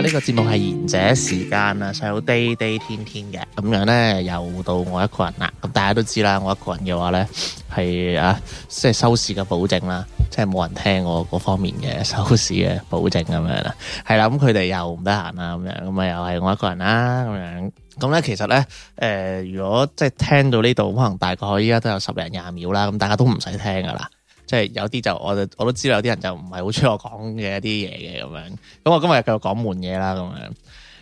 呢、啊這個節目係賢者時間上有 day day 天天嘅，咁樣咧，又到我一個人啦。咁大家都知啦，我一個人嘅話咧係啊，即係收視嘅保證啦，即係冇人聽我嗰方面嘅收視嘅保證咁樣啦。係啦，咁佢哋又唔得閒啦，咁樣咁啊，又係我一個人啦，咁樣。咁咧其實咧，誒、呃，如果即係聽到呢度可能大概依家都有十零廿秒啦，咁大家都唔使聽噶啦。即係有啲就我就我都知道有啲人就唔係好中意我講嘅一啲嘢嘅咁樣。咁我今日繼續講悶嘢啦，咁樣。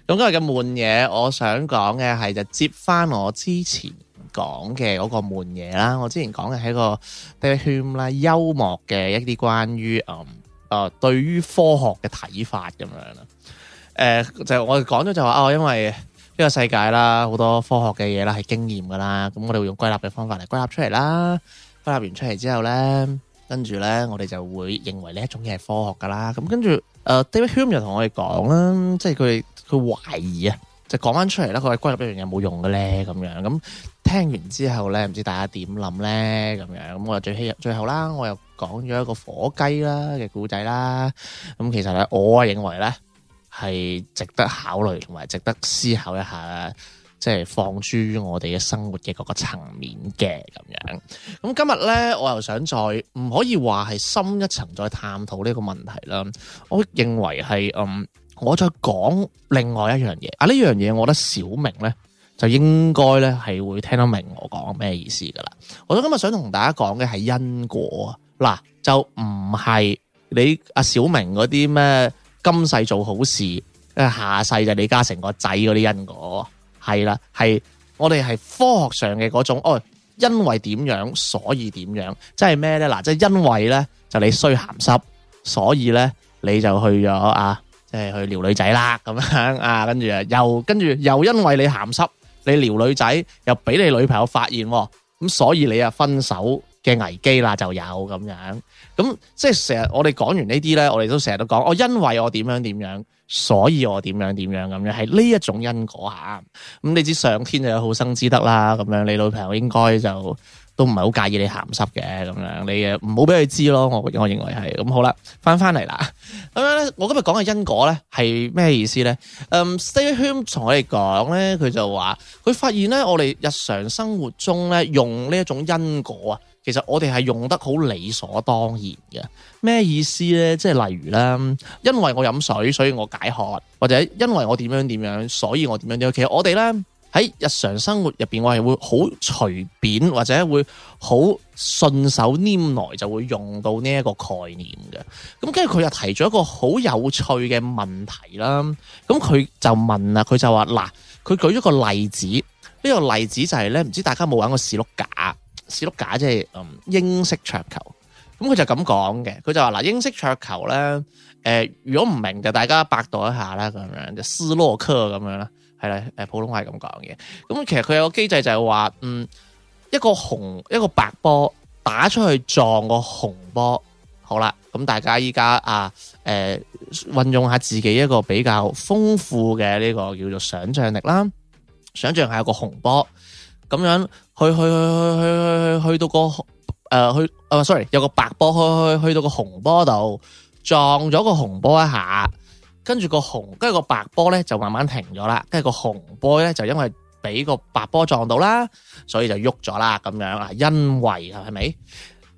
咁今日嘅悶嘢，我想講嘅係就接翻我之前講嘅嗰個悶嘢啦。我之前講嘅係一個啲勸啦，幽默嘅一啲關於誒誒，對於科學嘅睇法咁樣啦。誒、呃，就我哋講咗就話、哦，因為呢個世界啦，好多科學嘅嘢啦係經驗噶啦，咁我哋會用歸納嘅方法嚟歸納出嚟啦。歸納完出嚟之後咧。跟住咧，我哋就會認為呢一種嘢係科學噶啦。咁跟住，誒 David Hume 又同我哋講啦，即係佢佢懷疑啊，就講翻出嚟啦。佢話歸入一樣嘢冇用嘅咧，咁樣，咁聽完之後咧，唔知大家點諗咧？咁樣，咁我又最希最後啦，我又講咗一個火雞啦嘅故仔啦。咁其實咧，我認為咧係值得考慮同埋值得思考一下啊。即係放諸於我哋嘅生活嘅各個層面嘅咁樣。咁今日咧，我又想再唔可以話係深一層再探討呢個問題啦。我認為係嗯，我再講另外一樣嘢啊。呢樣嘢我覺得小明咧就應該咧係會聽得明我講咩意思噶啦。我今日想同大家講嘅係因果嗱，就唔係你阿小明嗰啲咩今世做好事，下世就李嘉誠個仔嗰啲因果。係啦，係我哋係科學上嘅嗰種，哦，因為點樣所以點樣，即係咩咧？嗱，即係因為咧，就你衰鹹濕，所以咧你就去咗啊，即係去撩女仔啦，咁樣啊，跟住啊又跟住又因為你鹹濕，你撩女仔又俾你女朋友發現，咁所以你啊分手嘅危機啦就有咁樣，咁即係成日我哋講完呢啲咧，我哋都成日都講，我因為我點樣點樣。所以我點樣點樣咁樣，係呢一種因果吓。咁、啊、你知上天就有好生之德啦。咁樣你女朋友應該就都唔係好介意你咸濕嘅，咁樣，你誒唔好俾佢知咯。我我認為係咁好啦。翻翻嚟啦。咁樣咧，我今日講嘅因果咧係咩意思咧？嗯，Stam 從我哋講咧，佢就話佢發現咧，我哋日常生活中咧用呢一種因果啊。其實我哋係用得好理所當然嘅，咩意思呢？即係例如啦，因為我飲水，所以我解渴，或者因為我點樣點樣，所以我點樣點樣。其實我哋呢，喺日常生活入邊，我係會好隨便或者會好順手拈來，就會用到呢一個概念嘅。咁跟住佢又提咗一個好有趣嘅問題啦。咁佢就問啦，佢就話嗱，佢舉咗一個例子，呢、這個例子就係、是、呢——唔知大家冇玩過士碌架？士碌架即係，嗯，英式桌球，咁、嗯、佢就咁講嘅，佢就話，嗱，英式桌球咧，誒、呃、如果唔明就大家百度一下啦咁樣，就斯洛克咁樣啦，係啦，誒普通話係咁講嘅。咁、嗯、其實佢有個機制就係話，嗯，一個紅一個白波打出去撞個紅波，好啦，咁、嗯、大家依家啊、誒、呃、運用下自己一個比較豐富嘅呢、呢個叫做想像力啦，想像有個紅波咁樣去去去去去。去到個紅誒，去誒，sorry，有個白波去去去到個紅波度，撞咗個紅波一下，跟住個紅跟住個白波咧就慢慢停咗啦，跟住個紅波咧就因為俾個白波撞到啦，所以就喐咗啦咁樣啊，因為係咪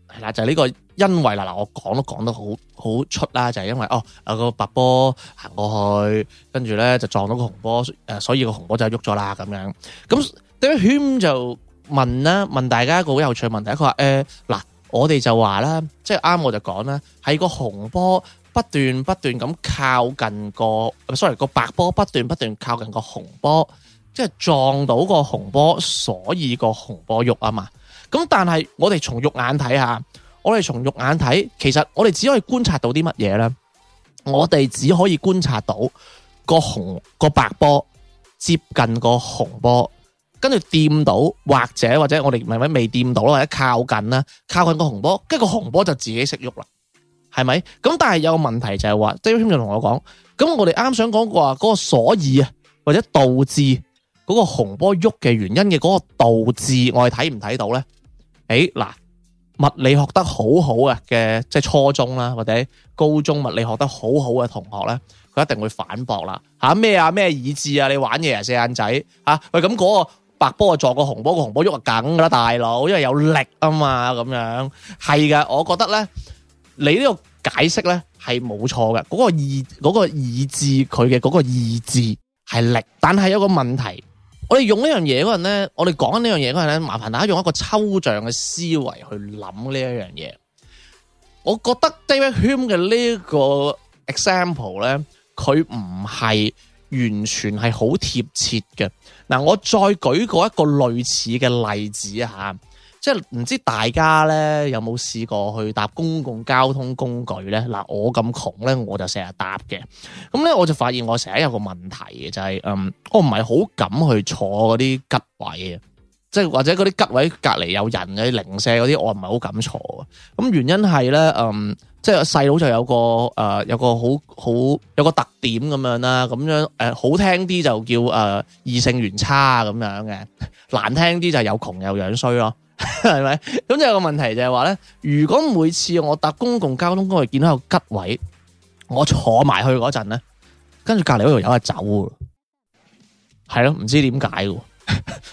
係啦？就係呢個因為啦嗱，我講都講得好好出啦，就係因為哦，有個白波行過去，跟住咧就撞到個紅波誒，所以個紅波就喐咗啦咁樣。咁 Dee Hoon 就。問咧問大家一個好有趣問題，佢話：呃，嗱，我哋就話啦，即係啱我就講啦，喺個紅波不斷不斷咁靠近個，sorry 個白波不斷不斷靠近個紅波，即係撞到個紅波，所以個紅波肉啊嘛。咁但係我哋從肉眼睇下，我哋從肉眼睇，其實我哋只可以觀察到啲乜嘢咧？我哋只可以觀察到個紅個白波接近個紅波。跟住掂到，或者或者我哋咪咪未掂到或者靠近啦，靠近個紅波，跟住個紅波就自己識喐啦，係咪？咁但係有個問題就係話，周先生同我講，咁我哋啱啱想講過話嗰個所以啊，或者導致嗰個紅波喐嘅原因嘅嗰個導致，我哋睇唔睇到咧？誒、欸，嗱，物理學得好好啊嘅，即係初中啦或者高中物理學得好好嘅同學咧，佢一定會反駁啦吓，咩啊咩以致啊，你玩嘢啊四眼仔吓、啊、喂咁、嗰個。白波啊撞個紅波，個紅波喐啊梗噶啦大佬，因為有力啊嘛，咁樣係噶，我覺得咧，你呢個解釋咧係冇錯嘅，嗰、嗰個意、嗰個意志，佢嘅嗰個意志係力，但係有個問題，我哋用呢樣嘢嗰陣咧，我哋講緊呢樣嘢嗰陣咧，麻煩大家用一個抽象嘅思維去諗呢一樣嘢。我覺得 David Hume 嘅呢個 example 咧，佢唔係。.完全係好貼切嘅。嗱，我再舉過一個類似嘅例子嚇，即係唔知大家咧有冇試過去搭公共交通工具咧？嗱，我咁窮咧，我就成日搭嘅。咁咧我就發現我成日有個問題嘅，就係，嗯，我唔係好敢去坐嗰啲吉位啊。即係或者嗰啲吉位隔籬有人嘅零舍嗰啲，我唔係好敢坐。咁原因係咧，嗯，即係細佬就有個誒、呃，有個好好有個特點咁樣啦。咁樣誒，好聽啲就叫誒異、呃、性緣差咁樣嘅，難聽啲就又窮又樣衰咯，係咪？咁就有個問題就係話咧，如果每次我搭公共交通工具見到有吉位，我坐埋去嗰陣咧，跟住隔籬嗰度有人走，係咯，唔知點解。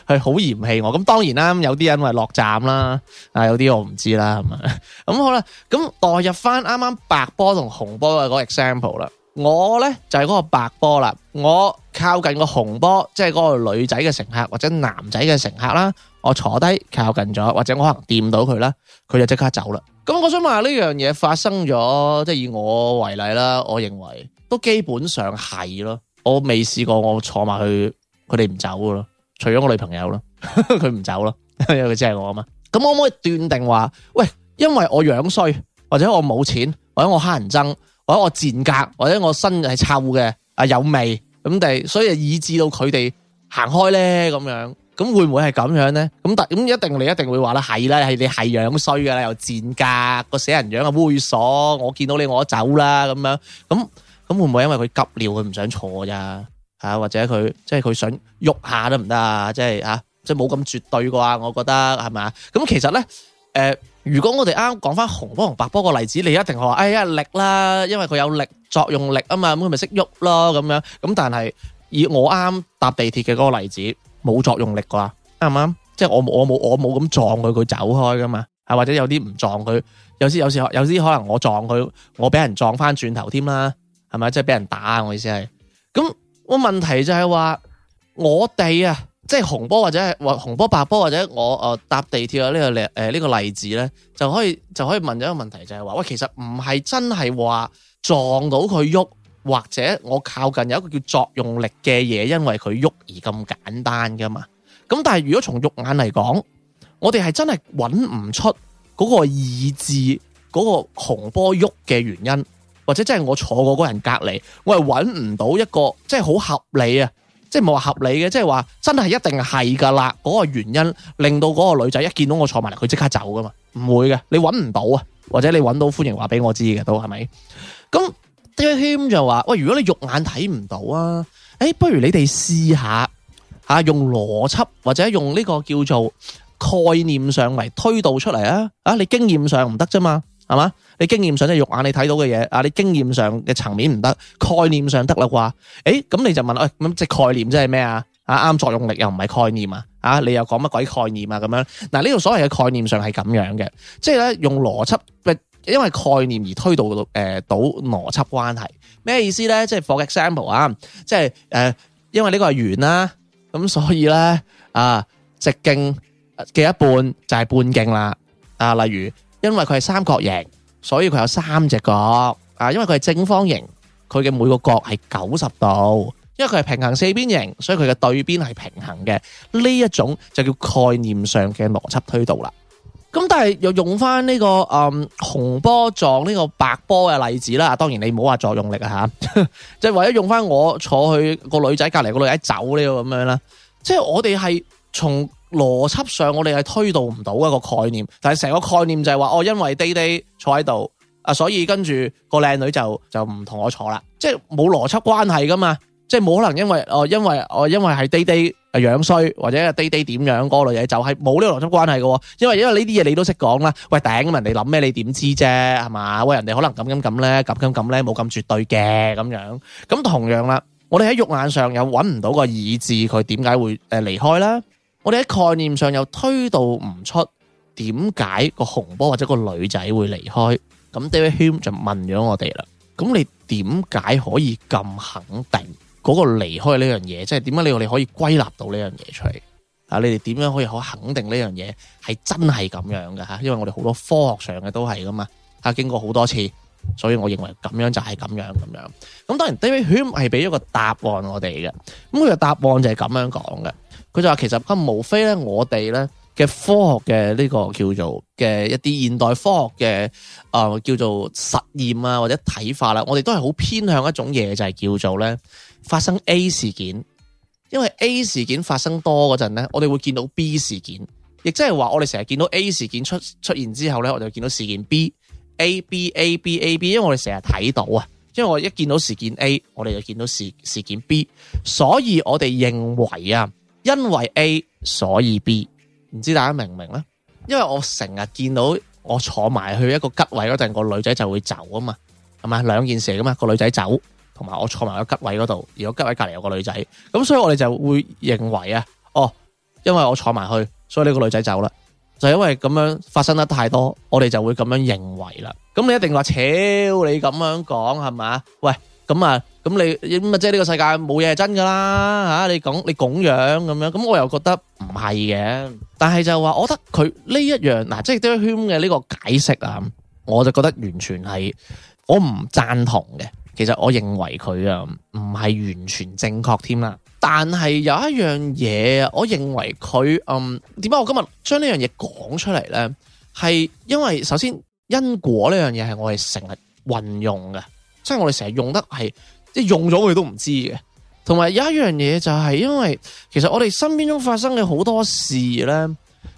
係 好嫌棄我咁，當然啦，有啲因為落站啦，啊有啲我唔知啦，係嘛咁好啦。咁代入翻啱啱白波同紅波嘅嗰 example 啦，我咧就係、是、嗰個白波啦，我靠近個紅波，即係嗰個女仔嘅乘客或者男仔嘅乘客啦，我坐低靠近咗，或者我可能掂到佢啦，佢就即刻走啦。咁我想問下呢樣嘢發生咗，即係以我為例啦，我認為都基本上係咯，我未試過我坐埋去，佢哋唔走噶咯。除咗我女朋友咯，佢 唔走咯，因為佢即係我啊嘛。咁我可唔可以斷定話，喂，因為我樣衰，或者我冇錢，或者我乞人憎，或者我賤格，或者我身係臭嘅啊有味咁地，所以以致到佢哋行開咧咁樣。咁會唔會係咁樣咧？咁但咁一定你一定會話啦，係啦，係你係樣衰噶啦，又賤格，個死人樣啊，猥瑣，我見到你我走啦咁樣。咁咁會唔會因為佢急尿佢唔想坐咋？啊，或者佢即係佢想喐下都唔得啊！即係吓，即係冇咁絕對啩。我覺得係咪啊？咁其實咧，誒、呃，如果我哋啱講翻紅波同白波個例子，你一定話哎呀力啦，因為佢有力作用力啊嘛，咁佢咪識喐咯咁樣。咁但係以我啱搭地鐵嘅嗰個例子，冇作用力啩，啱唔啱？即係我我冇我冇咁撞佢，佢走開噶嘛？係、啊、或者有啲唔撞佢，有啲有時有啲可能我撞佢，我俾人撞翻轉頭添啦，係咪？即係俾人打，我意思係咁。問題就係話，我哋啊，即係紅波或者係紅波白波或者我誒搭、呃、地鐵啊呢個例誒呢個例子咧，就可以就可以問咗一個問題，就係話，喂，其實唔係真係話撞到佢喐，或者我靠近有一個叫作用力嘅嘢，因為佢喐而咁簡單噶嘛。咁但係如果從肉眼嚟講，我哋係真係搵唔出嗰個意志嗰、嗰個紅波喐嘅原因。或者真係我坐嗰個人隔離，我係搵唔到一個即係好合理啊，即係冇話合理嘅，即係話真係一定係噶啦，嗰、那個原因令到嗰個女仔一見到我坐埋嚟，佢即刻走噶嘛，唔會嘅，你搵唔到啊，或者你搵到歡迎話俾我知嘅都係咪？咁 David Hume 就話喂，如果你肉眼睇唔到啊，誒、欸，不如你哋試下、啊、用邏輯或者用呢個叫做概念上嚟推導出嚟啊，啊，你經驗上唔得咋嘛？係嘛？你經驗上即係肉眼你睇到嘅嘢啊！你經驗上嘅層面唔得，概念上得啦啩？誒、欸，咁你就問，誒咁即概念即係咩啊？啊啱作用力又唔係概念啊？啊，你又講乜鬼概念啊？咁樣嗱，呢、啊、個所謂嘅概念上係咁樣嘅，即係咧用邏輯，因為概念而推導誒到邏輯、呃、關係。咩意思咧？即係 for example 啊，即係誒，因為呢個係圓啦，咁所以咧啊，直徑嘅一半就係半徑啦。啊，例如。因為佢係三角形，所以佢有三隻角。啊，因為佢係正方形，佢嘅每個角係九十度。因為佢係平行四邊形，所以佢嘅對邊係平行嘅。呢一種就叫概念上嘅邏輯推導啦。咁但係又用翻呢、這個啊、嗯、紅波撞呢個白波嘅例子啦。當然你唔好話作用力啊吓，即係、就是、為咗用翻我坐去個女仔隔籬個女仔走呢個咁樣啦。即、就、係、是、我哋係從。邏輯上我哋係推導唔到一個概念，但係成個概念就係話，哦因為 D D 坐喺度啊，所以跟住個靚女就就唔同我坐啦，即係冇邏輯關係噶嘛，即係冇可能因為哦，因為哦，因為係 D D 啊樣衰或者 D D 點樣嗰類嘢，就係冇呢個邏輯關係嘅。因為因為呢啲嘢你都識講啦，喂頂啊，人哋諗咩你點知啫係嘛？喂人哋可能咁咁咁咧，咁咁咁咧，冇咁絕對嘅咁樣。咁同樣啦，我哋喺肉眼上又搵唔到個意志，佢點解會誒離開啦？我哋喺概念上又推到唔出點解個紅波或者個女仔會離開，咁 David Hume 就問咗我哋啦。咁你點解可以咁肯定嗰個離開呢樣嘢？即係點解你哋可以歸納到呢樣嘢出嚟啊？你哋點樣可以可肯定呢樣嘢係真係咁樣㗎？吓？因為我哋好多科學上嘅都係噶嘛，吓經過好多次，所以我認為咁樣就係咁樣咁樣。咁當然 David Hume 係俾咗個答案我哋嘅，咁佢個答案就係咁樣講嘅。佢就話其實咁，無非咧，我哋咧嘅科學嘅呢個叫做嘅一啲現代科學嘅啊、呃、叫做實驗啊或者睇法啦，我哋都係好偏向一種嘢，就係叫做咧發生 A 事件，因為 A 事件發生多嗰陣咧，我哋會見到 B 事件，亦即係話我哋成日見到 A 事件出出現之後咧，我就見到事件 B，A B A B A B，因為我哋成日睇到啊，因為我一見到事件 A，我哋就見到事事件 B，所以我哋認為啊。因為 A 所以 B，唔知大家明唔明咧？因為我成日見到我坐埋去一個吉位嗰陣，個女仔就會走啊嘛，係咪兩件事噶嘛？個女仔走，同埋我坐埋個吉位嗰度。如果吉位隔籬有個女仔，咁所以我哋就會認為啊，哦，因為我坐埋去，所以呢個女仔走啦。就因為咁樣發生得太多，我哋就會咁樣認為啦。咁你一定話：超你咁樣講係嘛？喂，咁啊。咁你咁即係呢個世界冇嘢係真噶啦吓！你講你咁樣咁樣，咁我又覺得唔係嘅。但係就話，我覺得佢呢一樣嗱，即係 Doctor Who 嘅呢個解釋啊，我就覺得完全係我唔贊同嘅。其實我認為佢啊，唔係完全正確添啦。但係有一樣嘢，我認為佢嗯點解我今日將呢樣嘢講出嚟咧？係因為首先因果呢樣嘢係我哋成日運用嘅，即係我哋成日用得係。即用咗佢都唔知嘅，同埋有，有一樣嘢就係，因為其實我哋身邊中發生嘅好多事咧，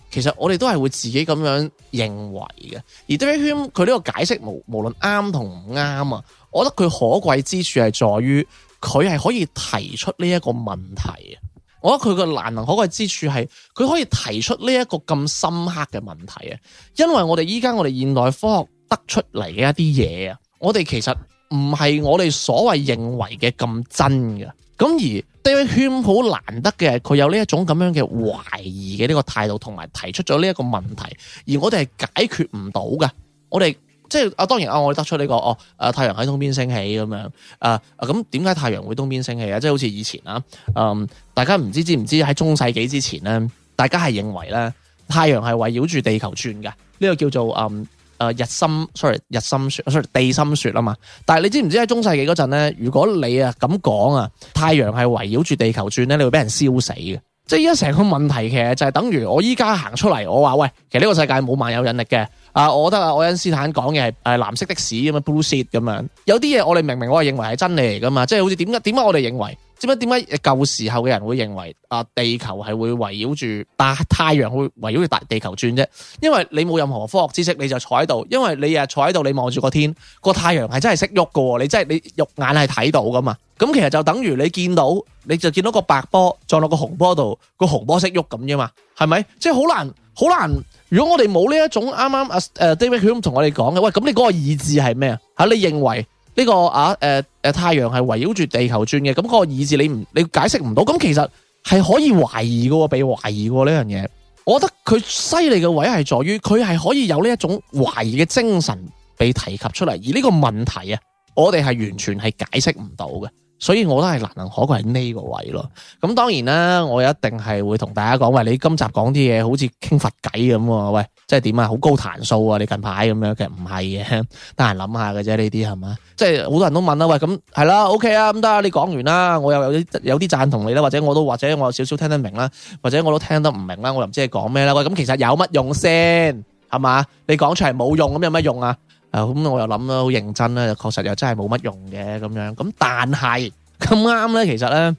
其實我哋都係會自己咁樣認為嘅。而大衛休謨佢呢個解釋無無論啱同唔啱啊，我覺得佢可貴之處係在於佢係可以提出呢一個問題啊。我覺得佢嘅難能可貴之處係佢可以提出呢一個咁深刻嘅問題啊。因為我哋依家我哋現代科學得出嚟嘅一啲嘢啊，我哋其實。唔係我哋所謂認為嘅咁真嘅，咁而 David Hume 好難得嘅佢有呢一種咁樣嘅懷疑嘅呢個態度，同埋提出咗呢一個問題，而我哋係解決唔到㗎。我哋即係啊，當然啊，我得出呢、這個哦，啊、太陽喺東邊升起咁樣，誒、啊、誒，咁點解太陽會東邊升起啊？即係好似以前啊，嗯，大家唔知知唔知喺中世紀之前咧，大家係認為咧太陽係圍繞住地球轉嘅，呢個叫做嗯。誒日心，sorry，日心説，sorry，地心説啊嘛。但係你知唔知喺中世紀嗰陣咧，如果你啊咁講啊，太陽係圍繞住地球轉咧，你會俾人燒死嘅。即係依家成個問題其實就係、是、等於我依家行出嚟，我話喂，其實呢個世界冇萬有，有引力嘅。啊，我覺得啊，愛因斯坦講嘅係藍色的士咁樣，blue shit 咁樣。有啲嘢我哋明明我係認為係真理嚟噶嘛，即係好似點解點解我哋認為？知唔知點解舊時候嘅人會認為啊地球係會圍繞住大太陽會圍繞住大地球轉啫？因為你冇任何科學知識，你就坐喺度；因為你日坐喺度，你望住個天，個太陽係真係識喐㗎喎，你真係你肉眼係睇到噶嘛？咁其實就等於你見到，你就見到個白波撞落個紅波度，個紅波識喐咁啫嘛？係咪？即係好難，好難。如果我哋冇呢一種啱啱 David Hume 同我哋講嘅，喂，咁你嗰個意志係咩啊？吓，你認為？呢、這個啊誒誒、呃、太陽係圍繞住地球轉嘅，咁、嗰個意志你唔你解釋唔到，咁其實係可以懷疑嘅，被懷疑嘅呢樣嘢，我覺得佢犀利嘅位係在於佢係可以有呢一種懷疑嘅精神被提及出嚟，而呢個問題啊，我哋係完全係解釋唔到嘅。所以我都係難能可貴係呢個位咯。咁當然啦，我一定係會同大家講喂，你今集講啲嘢好似傾佛偈咁喎。喂，即係點啊？好高彈數啊！你近排咁樣，其實唔係嘅，得閒諗下嘅啫。呢啲係嘛？即係好多人都問啦，喂，咁係啦，OK 啊，咁得啊，你講完啦，我又有啲有啲贊同你啦，或者我都或者我有少少聽得明啦，或者我都聽得唔明啦，我又唔知你講咩啦。喂，咁其實有乜用先？係嘛？你講出嚟冇用，咁有乜用啊？咁、嗯、我又諗得好認真啦，又確實又真係冇乜用嘅咁樣。咁但係咁啱咧，其實咧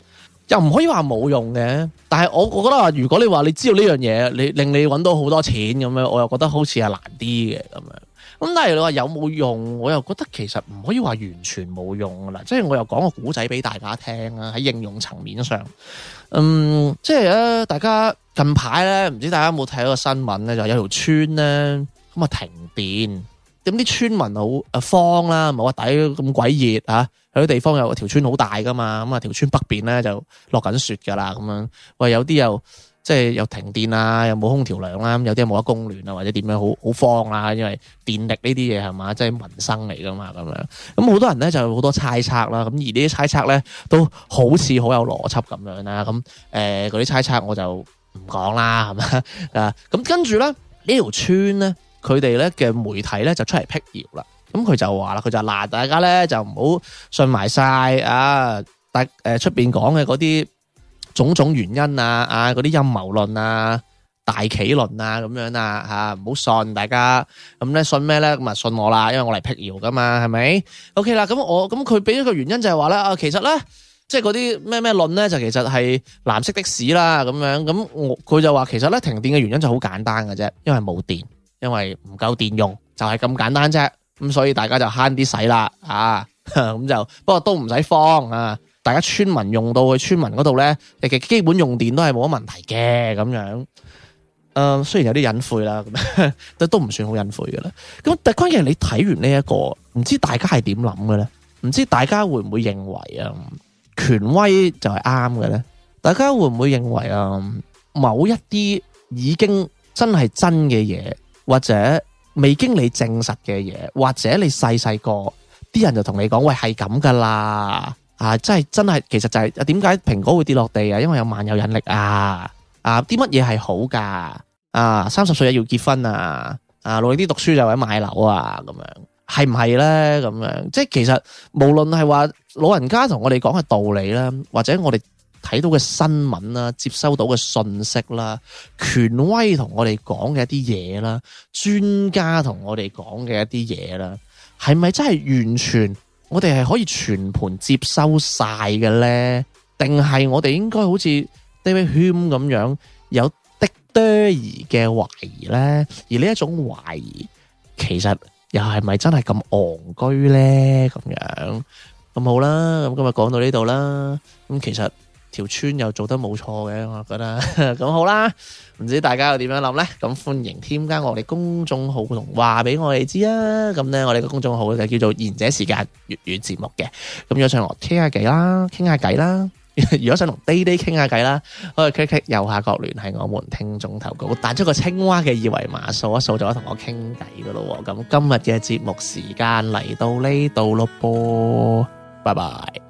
又唔可以話冇用嘅。但係我我覺得話，如果你話你知道呢樣嘢，你令你搵到好多錢咁樣，我又覺得好似係難啲嘅咁樣。咁但係你話有冇用，我又覺得其實唔可以話完全冇用噶啦。即係我又講個古仔俾大家聽啦，喺應用層面上，嗯，即係咧，大家近排咧，唔知大家有冇睇一個新聞咧，就有條村咧咁啊停電。咁啲村民好啊慌啦，冇底咁鬼熱啊，有啲地方有條村好大噶嘛，咁啊條村北邊咧就落緊雪噶啦，咁樣喂有啲又即係、就是、又停電啊，又冇空調涼啦，有啲冇得供暖啊，或者點樣好好慌啊，因為電力呢啲嘢係咪，即係民生嚟噶嘛，咁樣咁好多人咧就好多猜測啦、啊，咁而呢啲猜測咧都好似好有邏輯咁樣啦、啊，咁誒嗰啲猜測我就唔講啦，係咪 啊咁跟住咧呢條村咧。佢哋咧嘅媒體咧就出嚟辟謠啦。咁佢就話啦，佢就嗱，大家咧就唔好信埋晒啊。大、呃、出面講嘅嗰啲種種原因啊，啊嗰啲陰謀論啊、大企論啊，咁樣啊嚇，唔、啊、好信。大家咁咧信咩咧？咁啊，信，信我啦，因為我嚟辟謠噶嘛，係咪？OK 啦。咁我咁佢俾一個原因就係話咧啊，其實咧即係嗰啲咩咩論咧，就其實係藍色的士啦咁樣。咁我佢就話其實咧停電嘅原因就好簡單㗎啫，因為冇電。因為唔夠電用就係、是、咁簡單啫，咁所以大家就慳啲使啦。咁就不過都唔使慌啊。大家村民用到去村民嗰度呢，其實基本用電都係冇乜問題嘅咁樣。誒、呃，雖然有啲隱晦啦， 都都唔算好隱晦嘅啦。咁但關鍵係你睇完呢、這、一個，唔知大家係點諗嘅呢？唔知大家會唔會認為啊、嗯，權威就係啱嘅呢？大家會唔會認為啊、嗯，某一啲已經真係真嘅嘢？或者未經你證實嘅嘢，或者你細細個，啲人就同你講，喂，係咁噶啦啊，即係真係其實就係點解蘋果會跌落地啊？因為有萬有引力啊啊！啲乜嘢係好噶啊？三十歲日要結婚啊啊！努力啲讀書就係買樓啊，咁樣係唔係咧？咁樣即係其實無論係話老人家同我哋講嘅道理啦，或者我哋。睇到嘅新聞啦，接收到嘅信息啦，權威同我哋講嘅一啲嘢啦，專家同我哋講嘅一啲嘢啦，係咪真係完全我哋係可以全盤接收晒嘅咧？定係我哋應該好似 David Hume 咁樣有的多而嘅懷疑咧？而呢一種懷疑其實又係咪真係咁戇居咧？咁樣咁好啦，咁今日講到呢度啦。咁其實。條村又做得冇錯嘅，我覺得咁、嗯、好啦。唔知大家又點樣諗呢？咁歡迎添加我哋公眾號同話俾我哋知啊！咁呢，我哋個公眾號就叫做賢者時間粵語節目嘅。咁如果想傾下偈啦，傾下偈啦， 如果想同爹哋傾下偈啦，可以 click click 右下角聯繫我們聽眾投稿，彈出個青蛙嘅二維碼掃一掃就可同我傾偈噶咯喎。咁今日嘅節目時間嚟到呢度咯噃，拜拜。